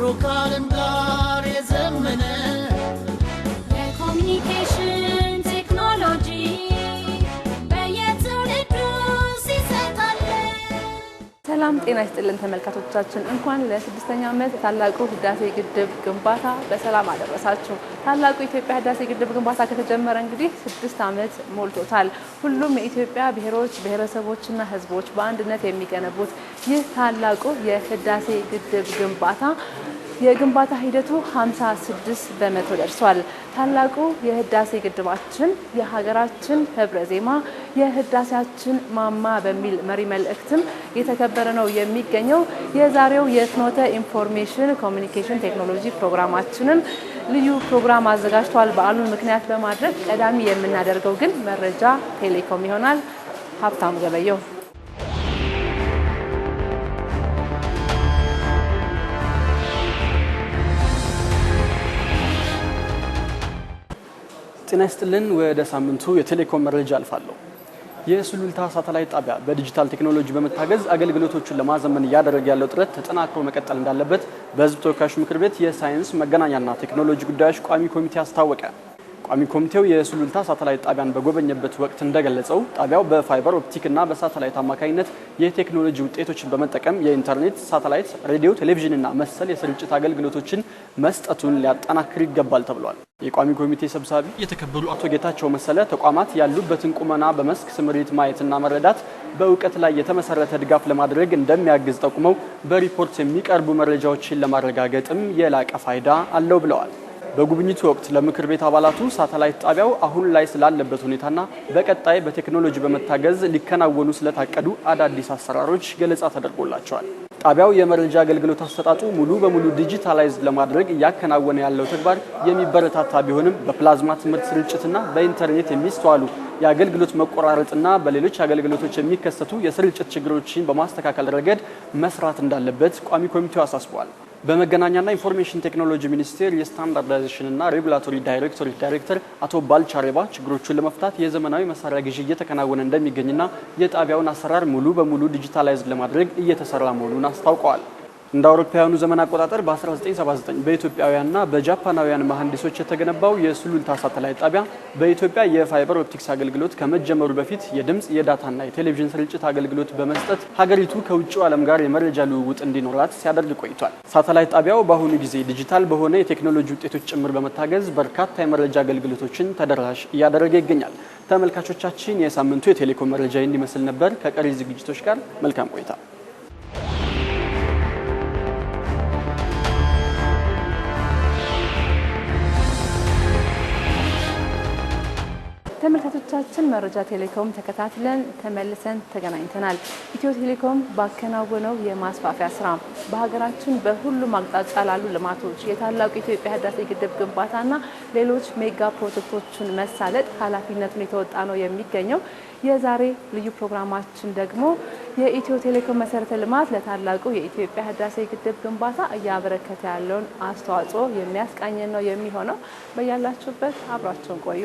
provocar ሰላም ጤና ይስጥልን ተመልካቾቻችን፣ እንኳን ለስድስተኛ ዓመት ታላቁ ህዳሴ ግድብ ግንባታ በሰላም አደረሳችሁ። ታላቁ የኢትዮጵያ ህዳሴ ግድብ ግንባታ ከተጀመረ እንግዲህ ስድስት ዓመት ሞልቶታል። ሁሉም የኢትዮጵያ ብሔሮች፣ ብሔረሰቦችና ህዝቦች በአንድነት የሚገነቡት ይህ ታላቁ የህዳሴ ግድብ ግንባታ የግንባታ ሂደቱ 56 በመቶ ደርሷል። ታላቁ የህዳሴ ግድባችን የሀገራችን ህብረ ዜማ የህዳሴያችን ማማ በሚል መሪ መልእክትም የተከበረ ነው የሚገኘው። የዛሬው የፍኖተ ኢንፎርሜሽን ኮሚኒኬሽን ቴክኖሎጂ ፕሮግራማችንም ልዩ ፕሮግራም አዘጋጅቷል። በዓሉን ምክንያት በማድረግ ቀዳሚ የምናደርገው ግን መረጃ ቴሌኮም ይሆናል። ሀብታሙ ገበየው ጤና ይስጥልን። ወደ ሳምንቱ የቴሌኮም መረጃ አልፋለሁ። የሱሉልታ ሳተላይት ጣቢያ በዲጂታል ቴክኖሎጂ በመታገዝ አገልግሎቶቹን ለማዘመን እያደረገ ያለው ጥረት ተጠናክሮ መቀጠል እንዳለበት በሕዝብ ተወካዮች ምክር ቤት የሳይንስ መገናኛና ቴክኖሎጂ ጉዳዮች ቋሚ ኮሚቴ አስታወቀ። ቋሚ ኮሚቴው የሱሉልታ ሳተላይት ጣቢያን በጎበኘበት ወቅት እንደገለጸው ጣቢያው በፋይበር ኦፕቲክ እና በሳተላይት አማካኝነት የቴክኖሎጂ ውጤቶችን በመጠቀም የኢንተርኔት፣ ሳተላይት፣ ሬዲዮ፣ ቴሌቪዥን እና መሰል የስርጭት አገልግሎቶችን መስጠቱን ሊያጠናክር ይገባል ተብሏል። የቋሚ ኮሚቴ ሰብሳቢ የተከበሩ አቶ ጌታቸው መሰለ ተቋማት ያሉበትን ቁመና በመስክ ስምሪት ማየትና መረዳት በእውቀት ላይ የተመሰረተ ድጋፍ ለማድረግ እንደሚያግዝ ጠቁመው በሪፖርት የሚቀርቡ መረጃዎችን ለማረጋገጥም የላቀ ፋይዳ አለው ብለዋል። በጉብኝቱ ወቅት ለምክር ቤት አባላቱ ሳተላይት ጣቢያው አሁን ላይ ስላለበት ሁኔታና በቀጣይ በቴክኖሎጂ በመታገዝ ሊከናወኑ ስለታቀዱ አዳዲስ አሰራሮች ገለጻ ተደርጎላቸዋል። ጣቢያው የመረጃ አገልግሎት አሰጣጡ ሙሉ በሙሉ ዲጂታላይዝድ ለማድረግ እያከናወነ ያለው ተግባር የሚበረታታ ቢሆንም በፕላዝማ ትምህርት ስርጭትና በኢንተርኔት የሚስተዋሉ የአገልግሎት መቆራረጥና በሌሎች አገልግሎቶች የሚከሰቱ የስርጭት ችግሮችን በማስተካከል ረገድ መስራት እንዳለበት ቋሚ ኮሚቴው አሳስቧል። በመገናኛና ኢንፎርሜሽን ቴክኖሎጂ ሚኒስቴር የስታንዳርዳይዜሽንና ሬጉላቶሪ ዳይሬክቶሬት ዳይሬክተር አቶ ባልቻሬባ ችግሮቹን ለመፍታት የዘመናዊ መሳሪያ ግዢ እየተከናወነ እንደሚገኝና የጣቢያውን አሰራር ሙሉ በሙሉ ዲጂታላይዝድ ለማድረግ እየተሰራ መሆኑን አስታውቀዋል። እንደ አውሮፓውያኑ ዘመን አቆጣጠር በ1979 በኢትዮጵያውያንና በጃፓናውያን መሐንዲሶች የተገነባው የሱሉልታ ሳተላይት ጣቢያ በኢትዮጵያ የፋይበር ኦፕቲክስ አገልግሎት ከመጀመሩ በፊት የድምፅ የዳታና የቴሌቪዥን ስርጭት አገልግሎት በመስጠት ሀገሪቱ ከውጭው ዓለም ጋር የመረጃ ልውውጥ እንዲኖራት ሲያደርግ ቆይቷል። ሳተላይት ጣቢያው በአሁኑ ጊዜ ዲጂታል በሆነ የቴክኖሎጂ ውጤቶች ጭምር በመታገዝ በርካታ የመረጃ አገልግሎቶችን ተደራሽ እያደረገ ይገኛል። ተመልካቾቻችን፣ የሳምንቱ የቴሌኮም መረጃ እንዲመስል ነበር። ከቀሪ ዝግጅቶች ጋር መልካም ቆይታ ተመልካቾቻችን መረጃ ቴሌኮም ተከታትለን ተመልሰን ተገናኝተናል። ኢትዮ ቴሌኮም ባከናወነው የማስፋፊያ ስራ በሀገራችን በሁሉም አቅጣጫ ላሉ ልማቶች የታላቁ የኢትዮጵያ ህዳሴ ግድብ ግንባታና ሌሎች ሜጋ ፕሮጀክቶችን መሳለጥ ኃላፊነቱን የተወጣ ነው የሚገኘው። የዛሬ ልዩ ፕሮግራማችን ደግሞ የኢትዮ ቴሌኮም መሰረተ ልማት ለታላቁ የኢትዮጵያ ህዳሴ ግድብ ግንባታ እያበረከተ ያለውን አስተዋጽኦ የሚያስቃኝን ነው የሚሆነው። በያላችሁበት አብራችሁን ቆዩ።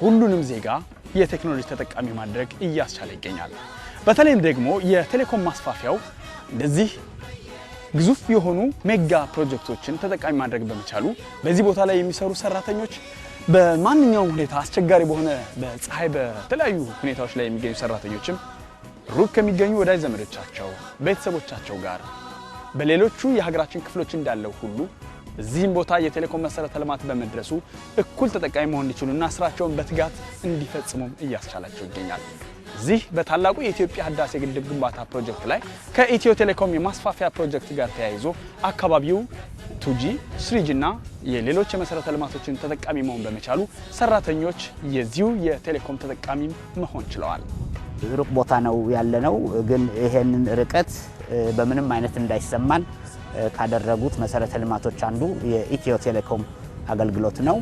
ሁሉንም ዜጋ የቴክኖሎጂ ተጠቃሚ ማድረግ እያስቻለ ይገኛል። በተለይም ደግሞ የቴሌኮም ማስፋፊያው እንደዚህ ግዙፍ የሆኑ ሜጋ ፕሮጀክቶችን ተጠቃሚ ማድረግ በመቻሉ በዚህ ቦታ ላይ የሚሰሩ ሰራተኞች በማንኛውም ሁኔታ አስቸጋሪ በሆነ በፀሐይ በተለያዩ ሁኔታዎች ላይ የሚገኙ ሰራተኞችም ሩቅ ከሚገኙ ወዳጅ ዘመዶቻቸው፣ ቤተሰቦቻቸው ጋር በሌሎቹ የሀገራችን ክፍሎች እንዳለው ሁሉ እዚህም ቦታ የቴሌኮም መሰረተ ልማት በመድረሱ እኩል ተጠቃሚ መሆን እንዲችሉና ስራቸውን በትጋት እንዲፈጽሙም እያስቻላቸው ይገኛል። እዚህ በታላቁ የኢትዮጵያ ህዳሴ ግድብ ግንባታ ፕሮጀክት ላይ ከኢትዮ ቴሌኮም የማስፋፊያ ፕሮጀክት ጋር ተያይዞ አካባቢው ቱጂ ስሪጅ እና የሌሎች የመሰረተ ልማቶችን ተጠቃሚ መሆን በመቻሉ ሰራተኞች የዚሁ የቴሌኮም ተጠቃሚ መሆን ችለዋል። ሩቅ ቦታ ነው ያለነው፣ ግን ይሄንን ርቀት በምንም አይነት እንዳይሰማን ካደረጉት መሰረተ ልማቶች አንዱ የኢትዮ ቴሌኮም አገልግሎት ነው።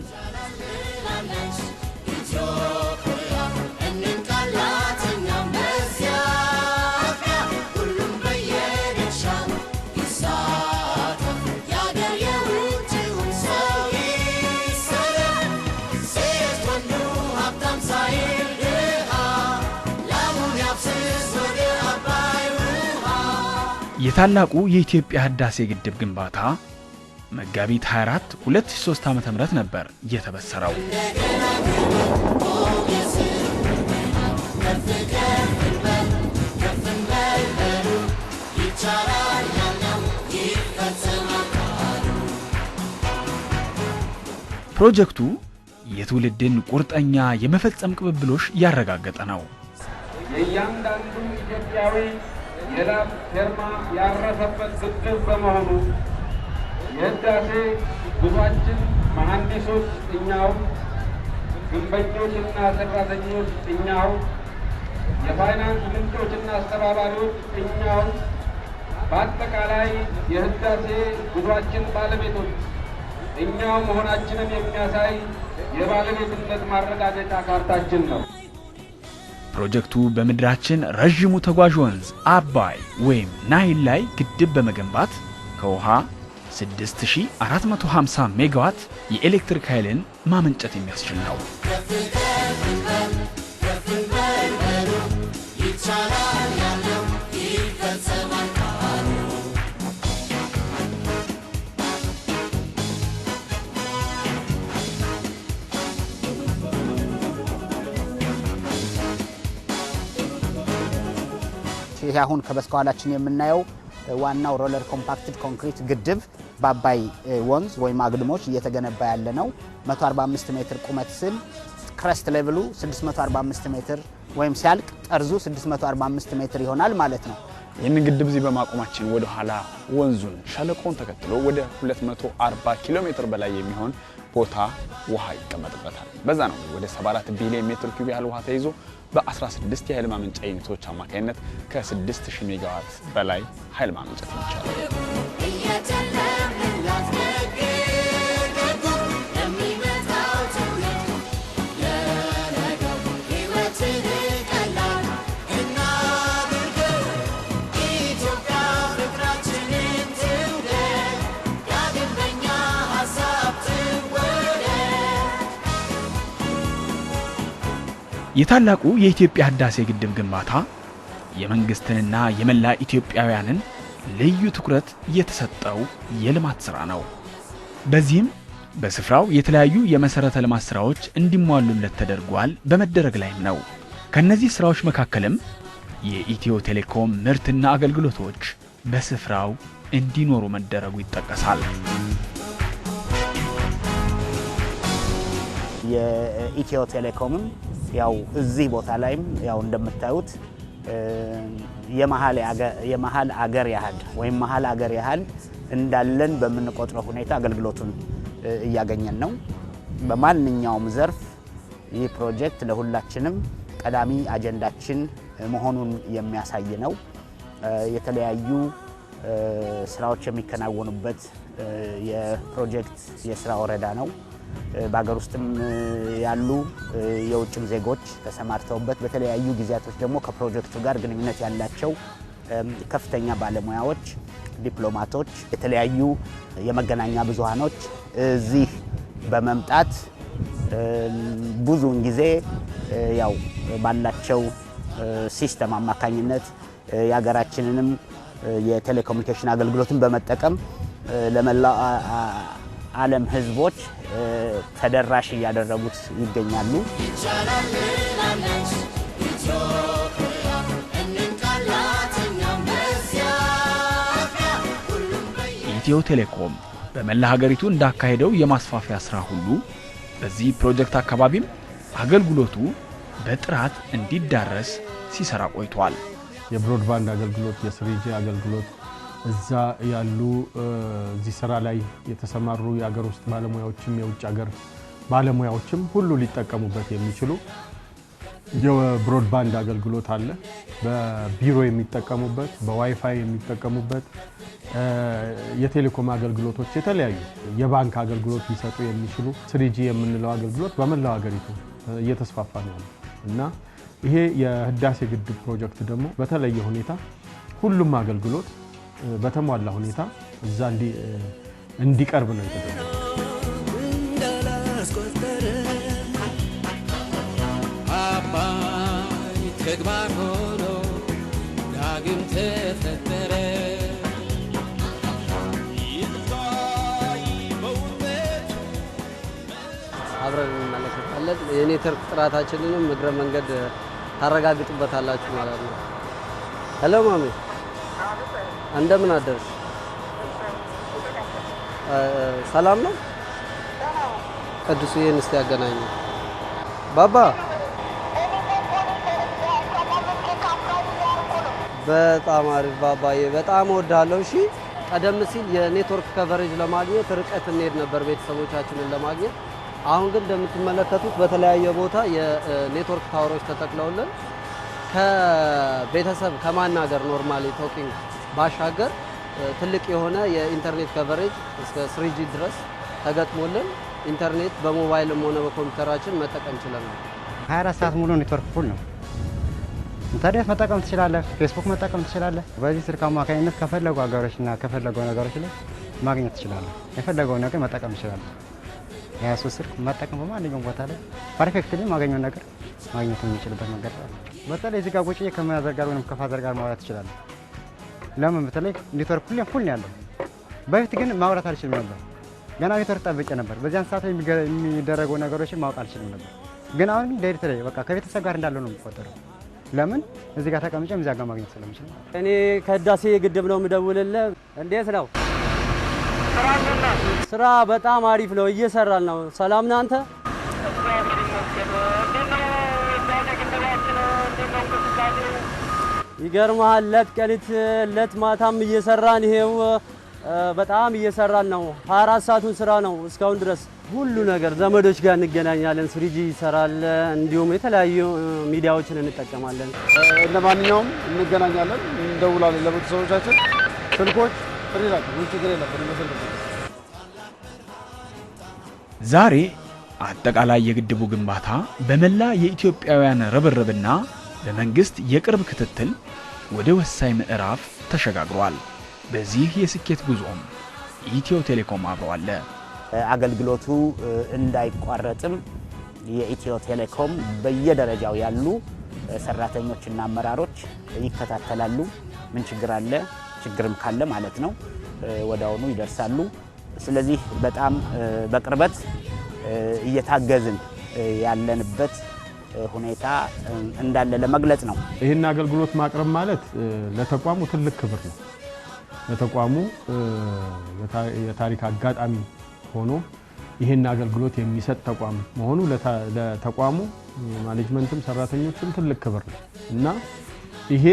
የታላቁ የኢትዮጵያ ህዳሴ ግድብ ግንባታ መጋቢት 24 2003 ዓ.ም ነበር የተበሰረው። ፕሮጀክቱ የትውልድን ቁርጠኛ የመፈጸም ቅብብሎሽ እያረጋገጠ ነው። የእያንዳንዱ ኢትዮጵያዊ የላም ፌርማ ያረፈበት ግድብ በመሆኑ የህዳሴ ጉዟችን መሐንዲሶች እኛው፣ ግንበኞችና ሰራተኞች እኛው፣ የፋይናንስ ምንጮችና አስተባባሪዎች እኛው፣ በአጠቃላይ የህዳሴ ጉዟችን ባለቤቶች እኛው መሆናችንን የሚያሳይ የባለቤትነት ማረጋገጫ ካርታችን ነው። ፕሮጀክቱ በምድራችን ረዥሙ ተጓዥ ወንዝ አባይ ወይም ናይል ላይ ግድብ በመገንባት ከውሃ 6450 ሜጋዋት የኤሌክትሪክ ኃይልን ማመንጨት የሚያስችል ነው። ይሄ አሁን ከበስተኋላችን የምናየው ዋናው ሮለር ኮምፓክትድ ኮንክሪት ግድብ በአባይ ወንዝ ወይም አግድሞች እየተገነባ ያለ ነው። 145 ሜትር ቁመት ስል ክረስት ሌቭሉ 645 ሜትር ወይም ሲያልቅ ጠርዙ 645 ሜትር ይሆናል ማለት ነው። ይህንን ግድብ እዚህ በማቆማችን ወደኋላ ወንዙን ሸለቆን ተከትሎ ወደ 240 ኪሎ ሜትር በላይ የሚሆን ቦታ ውሃ ይቀመጥበታል። በዛ ነው ወደ 74 ቢሊዮን ሜትር ኪዩብ ያህል ውሃ ተይዞ በ16 የኃይል ማመንጫ ዩኒቶች አማካኝነት ከ6000 ሜጋዋት በላይ ኃይል ማመንጨት ይቻላል። የታላቁ የኢትዮጵያ ህዳሴ ግድብ ግንባታ የመንግስትንና የመላ ኢትዮጵያውያንን ልዩ ትኩረት የተሰጠው የልማት ስራ ነው። በዚህም በስፍራው የተለያዩ የመሰረተ ልማት ስራዎች እንዲሟሉለት ተደርጓል፣ በመደረግ ላይም ነው። ከነዚህ ስራዎች መካከልም የኢትዮ ቴሌኮም ምርትና አገልግሎቶች በስፍራው እንዲኖሩ መደረጉ ይጠቀሳል። የኢትዮ ቴሌኮምም ያው እዚህ ቦታ ላይም ያው እንደምታዩት የመሀል አገር ያህል ወይም መሀል አገር ያህል እንዳለን በምንቆጥረው ሁኔታ አገልግሎቱን እያገኘን ነው። በማንኛውም ዘርፍ ይህ ፕሮጀክት ለሁላችንም ቀዳሚ አጀንዳችን መሆኑን የሚያሳይ ነው። የተለያዩ ስራዎች የሚከናወኑበት የፕሮጀክት የስራ ወረዳ ነው። በሀገር ውስጥም ያሉ የውጭም ዜጎች ተሰማርተውበት በተለያዩ ጊዜያቶች ደግሞ ከፕሮጀክቱ ጋር ግንኙነት ያላቸው ከፍተኛ ባለሙያዎች፣ ዲፕሎማቶች፣ የተለያዩ የመገናኛ ብዙሃኖች እዚህ በመምጣት ብዙውን ጊዜ ያው ባላቸው ሲስተም አማካኝነት የሀገራችንንም የቴሌኮሙኒኬሽን አገልግሎትን በመጠቀም ለመላ ዓለም ህዝቦች ተደራሽ እያደረጉት ይገኛሉ። ኢትዮ ቴሌኮም በመላ ሀገሪቱ እንዳካሄደው የማስፋፊያ ስራ ሁሉ በዚህ ፕሮጀክት አካባቢም አገልግሎቱ በጥራት እንዲዳረስ ሲሰራ ቆይቷል። የብሮድባንድ አገልግሎት፣ የስሪጂ አገልግሎት እዛ ያሉ እዚህ ስራ ላይ የተሰማሩ የአገር ውስጥ ባለሙያዎችም የውጭ ሀገር ባለሙያዎችም ሁሉ ሊጠቀሙበት የሚችሉ የብሮድባንድ አገልግሎት አለ። በቢሮ የሚጠቀሙበት፣ በዋይፋይ የሚጠቀሙበት የቴሌኮም አገልግሎቶች የተለያዩ የባንክ አገልግሎት ሊሰጡ የሚችሉ ስሪጂ የምንለው አገልግሎት በመላው ሀገሪቱ እየተስፋፋ ነው እና ይሄ የህዳሴ ግድብ ፕሮጀክት ደግሞ በተለየ ሁኔታ ሁሉም አገልግሎት በተሟላ ሁኔታ እዛ እንዲቀርብ ነው የተደረገው። ተግባር ሆኖ ዳግም ተፈጠረ። አብረን እንመለከታለን። የኔትወርክ ጥራታችንንም እግረ መንገድ ታረጋግጡበታላችሁ ማለት ነው። ሄሎ ማሜ እንደምን አደርሽ? ሰላም ነው። ቅዱስ ይህን እስቲ ያገናኙ ባባ። በጣም አሪፍ ባባዬ፣ በጣም ወዳለው። እሺ፣ ቀደም ሲል የኔትወርክ ከቨሬጅ ለማግኘት ርቀት እንሄድ ነበር ቤተሰቦቻችንን ለማግኘት። አሁን ግን እንደምትመለከቱት በተለያየ ቦታ የኔትወርክ ታወሮች ተተክለውልን ከቤተሰብ ከማናገር ኖርማሊ ቶኪንግ ባሻገር ትልቅ የሆነ የኢንተርኔት ከቨሬጅ እስከ ስሪጂ ድረስ ተገጥሞልን ኢንተርኔት በሞባይልም ሆነ በኮምፒውተራችን መጠቀም ችለናል። 24 ሰዓት ሙሉ ኔትወርክ ፉል ነው። ኢንተርኔት መጠቀም ትችላለህ፣ ፌስቡክ መጠቀም ትችላለህ። በዚህ ስልክ አማካኝነት ከፈለጉ ሀገሮችና ከፈለጉ ነገሮች ላይ ማግኘት ትችላለህ። የፈለገው ነገር መጠቀም ትችላለህ። የያሱ ስልክ መጠቀም በማንኛውም ቦታ ላይ ፐርፌክትሊ ማገኘው ነገር ማግኘት የሚችልበት መንገድ በተለይ እዚህ ጋር ቁጭ ጋር ወይም ከፋዘር ጋር ማውራት ትችላለህ። ለምን በተለይ ኔትወርክ ሁሌም ፉል ነው ያለው። በፊት ግን ማውራት አልችልም ነበር። ገና ኔትወርክ ጠብቄ ነበር። በዚያን ሰዓት የሚደረጉ ነገሮችን ማወቅ አልችልም ነበር። ግን አሁን ዳይሬክት ተለይ በቃ ከቤተሰብ ጋር እንዳለው ነው የሚቆጠረው። ለምን እዚህ ጋር ተቀምጬ እዚያ ጋር ማግኘት ስለምችል እኔ ከህዳሴ ግድብ ነው የምደውልልህ። እንዴት ነው ስራ? በጣም አሪፍ ነው፣ እየሰራል ነው። ሰላም ናንተ? ይገርማል። ለት ቀሊት ለት ማታም እየሰራን ይሄው በጣም እየሰራን ነው። 24 ሰዓቱን ስራ ነው እስካሁን ድረስ ሁሉ ነገር ዘመዶች ጋር እንገናኛለን። ስሪጂ ይሰራል። እንዲሁም የተለያዩ ሚዲያዎችን እንጠቀማለን። እንደ ማንኛውም እንገናኛለን፣ እንደውላለን። ለቤተሰቦቻችን ስልኮች ጥሪ ናቸው። ምን ችግር የለብን። ዛሬ አጠቃላይ የግድቡ ግንባታ በመላ የኢትዮጵያውያን ርብርብና ለመንግስት የቅርብ ክትትል ወደ ወሳኝ ምዕራፍ ተሸጋግሯል። በዚህ የስኬት ጉዞም ኢትዮ ቴሌኮም አብሮ አለ። አገልግሎቱ እንዳይቋረጥም የኢትዮ ቴሌኮም በየደረጃው ያሉ ሰራተኞችና አመራሮች ይከታተላሉ። ምን ችግር አለ፣ ችግርም ካለ ማለት ነው ወዲያውኑ ይደርሳሉ። ስለዚህ በጣም በቅርበት እየታገዝን ያለንበት ሁኔታ እንዳለ ለመግለጽ ነው። ይህን አገልግሎት ማቅረብ ማለት ለተቋሙ ትልቅ ክብር ነው። ለተቋሙ የታሪክ አጋጣሚ ሆኖ ይህን አገልግሎት የሚሰጥ ተቋም መሆኑ ለተቋሙ ማኔጅመንትም ሰራተኞችም ትልቅ ክብር ነው እና ይሄ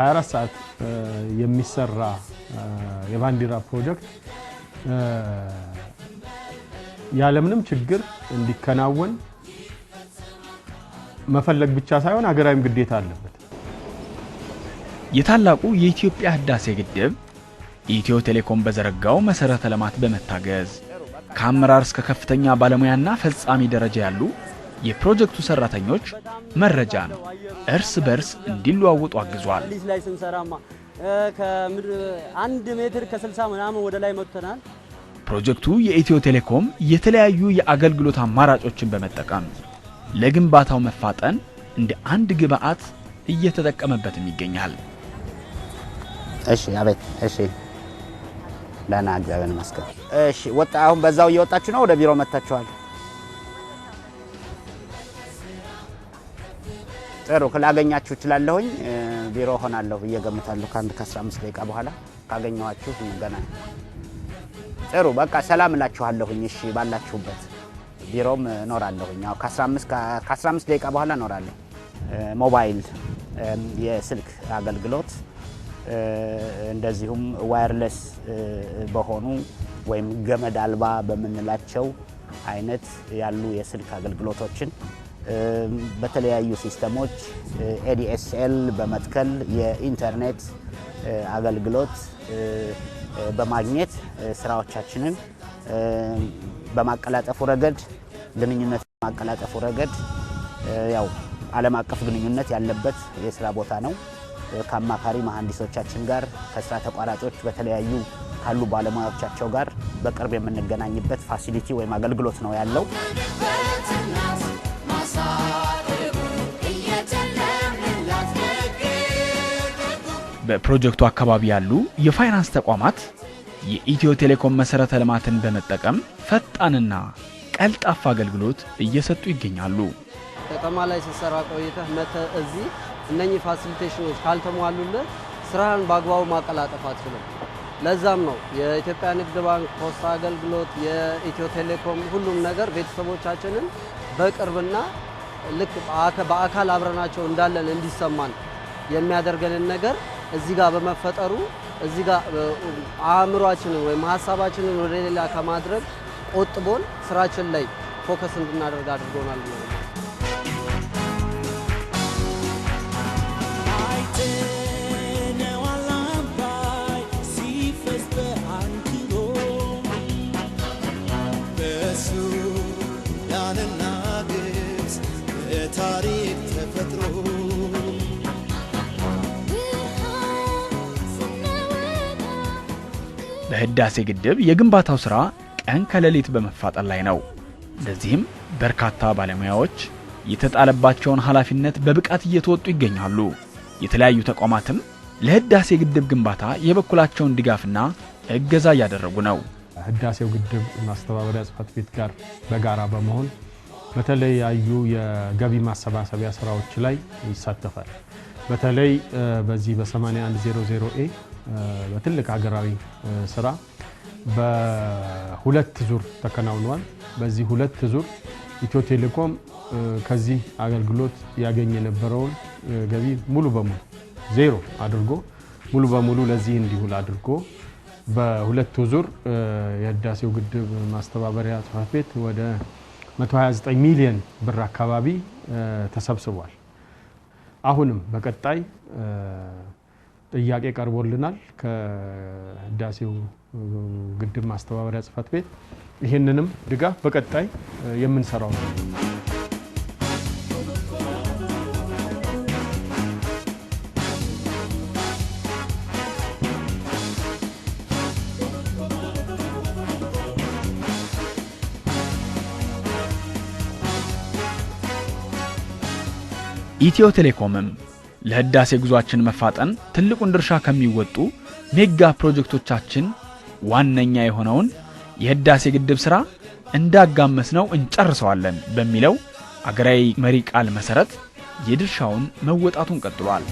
24 ሰዓት የሚሰራ የባንዲራ ፕሮጀክት ያለምንም ችግር እንዲከናወን መፈለግ ብቻ ሳይሆን ሀገራዊም ግዴታ አለበት። የታላቁ የኢትዮጵያ ህዳሴ ግድብ ኢትዮ ቴሌኮም በዘረጋው መሰረተ ልማት በመታገዝ ከአመራር እስከ ከፍተኛ ባለሙያና ፈጻሚ ደረጃ ያሉ የፕሮጀክቱ ሰራተኞች መረጃን እርስ በርስ እንዲለዋወጡ አግዟል። ላይ ስንሰራማ አንድ ሜትር ከ60 ምናምን ወደ ላይ መጥተናል። ፕሮጀክቱ የኢትዮ ቴሌኮም የተለያዩ የአገልግሎት አማራጮችን በመጠቀም ለግንባታው መፋጠን እንደ አንድ ግብአት እየተጠቀመበትም ይገኛል። እሺ፣ አቤት። እሺ፣ ደህና እግዚአብሔር ይመስገን። እሺ፣ ወጣ። አሁን በዛው እየወጣችሁ ነው? ወደ ቢሮ መጥታችኋል? ጥሩ። ላገኛችሁ እችላለሁኝ። ቢሮ ሆናለሁ ብዬ ገምታለሁ። ከአንድ ከ15 ደቂቃ በኋላ ካገኘኋችሁ እንገናኝ። ጥሩ። በቃ ሰላም እላችኋለሁኝ። እሺ፣ ባላችሁበት ቢሮም እኖራለሁ። ከ15 ደቂቃ በኋላ እኖራለሁ። ሞባይል የስልክ አገልግሎት እንደዚሁም ዋየርለስ በሆኑ ወይም ገመድ አልባ በምንላቸው አይነት ያሉ የስልክ አገልግሎቶችን በተለያዩ ሲስተሞች ኤዲኤስኤል በመትከል የኢንተርኔት አገልግሎት በማግኘት ስራዎቻችንን በማቀላጠፉ ረገድ ግንኙነት በማቀላጠፉ ረገድ ያው ዓለም አቀፍ ግንኙነት ያለበት የስራ ቦታ ነው። ከአማካሪ መሐንዲሶቻችን ጋር ከስራ ተቋራጮች በተለያዩ ካሉ ባለሙያዎቻቸው ጋር በቅርብ የምንገናኝበት ፋሲሊቲ ወይም አገልግሎት ነው ያለው። በፕሮጀክቱ አካባቢ ያሉ የፋይናንስ ተቋማት የኢትዮ ቴሌኮም መሠረተ ልማትን በመጠቀም ፈጣንና ቀልጣፋ አገልግሎት እየሰጡ ይገኛሉ። ከተማ ላይ ስትሰራ ቆይተህ መተህ እዚህ እነኚህ ፋሲሊቴሽኖች ካልተሟሉልህ ስራህን በአግባቡ ማቀላጠፍ አትችልም። ለዛም ነው የኢትዮጵያ ንግድ ባንክ፣ ፖስታ አገልግሎት፣ የኢትዮ ቴሌኮም ሁሉም ነገር ቤተሰቦቻችንን በቅርብና ልክ በአካል አብረናቸው እንዳለን እንዲሰማን የሚያደርገንን ነገር እዚህ ጋር በመፈጠሩ እዚህ ጋር አእምሯችንን ወይም ሀሳባችንን ወደ ሌላ ከማድረግ ቆጥቦን ስራችን ላይ ፎከስ እንድናደርግ አድርጎናል። በህዳሴ ግድብ የግንባታው ሥራ ቀን ከሌሊት በመፋጠን ላይ ነው። እንደዚህም በርካታ ባለሙያዎች የተጣለባቸውን ኃላፊነት በብቃት እየተወጡ ይገኛሉ። የተለያዩ ተቋማትም ለህዳሴ ግድብ ግንባታ የበኩላቸውን ድጋፍና እገዛ እያደረጉ ነው። ህዳሴው ግድብ ማስተባበሪያ ጽፈት ቤት ጋር በጋራ በመሆን በተለያዩ የገቢ ማሰባሰቢያ ስራዎች ላይ ይሳተፋል። በተለይ በዚህ በ8100 ኤ በትልቅ ሀገራዊ ስራ በሁለት ዙር ተከናውኗል። በዚህ ሁለት ዙር ኢትዮ ቴሌኮም ከዚህ አገልግሎት ያገኝ የነበረውን ገቢ ሙሉ በሙሉ ዜሮ አድርጎ ሙሉ በሙሉ ለዚህ እንዲውል አድርጎ በሁለቱ ዙር የህዳሴው ግድብ ማስተባበሪያ ጽሕፈት ቤት ወደ 129 ሚሊዮን ብር አካባቢ ተሰብስቧል። አሁንም በቀጣይ ጥያቄ ቀርቦልናል ከህዳሴው ግድብ ማስተባበሪያ ጽፈት ቤት። ይህንንም ድጋፍ በቀጣይ የምንሰራው ነው። ኢትዮ ቴሌኮምም ለህዳሴ ጉዟችን መፋጠን ትልቁን ድርሻ ከሚወጡ ሜጋ ፕሮጀክቶቻችን ዋነኛ የሆነውን የህዳሴ ግድብ ሥራ እንዳጋመስነው እንጨርሰዋለን በሚለው አገራዊ መሪ ቃል መሠረት የድርሻውን መወጣቱን ቀጥሏል።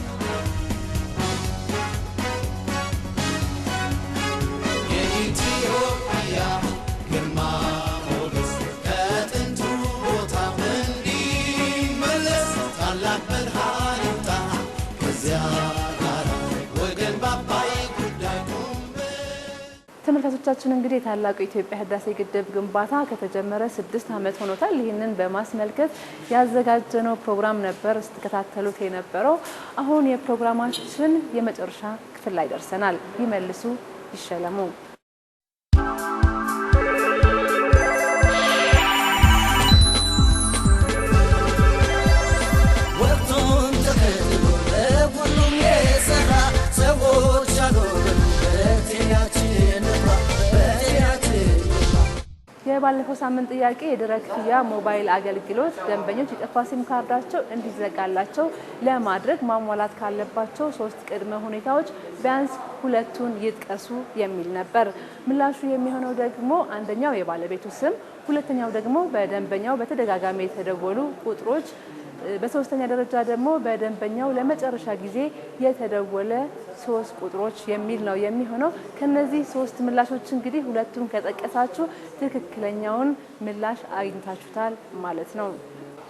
ተመልካቾቻችን እንግዲህ የታላቁ የኢትዮጵያ ህዳሴ ግድብ ግንባታ ከተጀመረ ስድስት ዓመት ሆኖታል። ይህንን በማስመልከት ያዘጋጀነው ፕሮግራም ነበር ስትከታተሉት የነበረው። አሁን የፕሮግራማችን የመጨረሻ ክፍል ላይ ደርሰናል። ይመልሱ ይሸለሙ። ባለፈው ሳምንት ጥያቄ የድህረ ክፍያ ሞባይል አገልግሎት ደንበኞች የጠፋ ሲም ካርዳቸው እንዲዘጋላቸው ለማድረግ ማሟላት ካለባቸው ሶስት ቅድመ ሁኔታዎች ቢያንስ ሁለቱን ይጥቀሱ የሚል ነበር። ምላሹ የሚሆነው ደግሞ አንደኛው የባለቤቱ ስም፣ ሁለተኛው ደግሞ በደንበኛው በተደጋጋሚ የተደወሉ ቁጥሮች በሶስተኛ ደረጃ ደግሞ በደንበኛው ለመጨረሻ ጊዜ የተደወለ ሶስት ቁጥሮች የሚል ነው የሚሆነው። ከነዚህ ሶስት ምላሾች እንግዲህ ሁለቱን ከጠቀሳችሁ ትክክለኛውን ምላሽ አግኝታችሁታል ማለት ነው።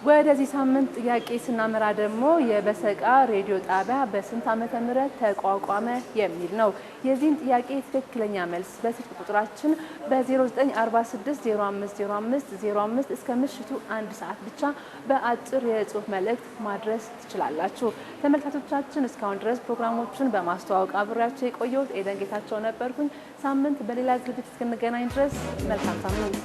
ወደዚህ ሳምንት ጥያቄ ስናመራ ደግሞ የበሰቃ ሬዲዮ ጣቢያ በስንት ዓመተ ምህረት ተቋቋመ የሚል ነው። የዚህን ጥያቄ ትክክለኛ መልስ በስልክ ቁጥራችን በ 0946050505 05 እስከ ምሽቱ አንድ ሰዓት ብቻ በአጭር የጽሁፍ መልእክት ማድረስ ትችላላችሁ። ተመልካቾቻችን እስካሁን ድረስ ፕሮግራሞቹን በማስተዋወቅ አብሬያቸው የቆየሁት ኤደን ጌታቸው ነበርኩኝ። ሳምንት በሌላ ዝግጅት እስክንገናኝ ድረስ መልካም ሳምንት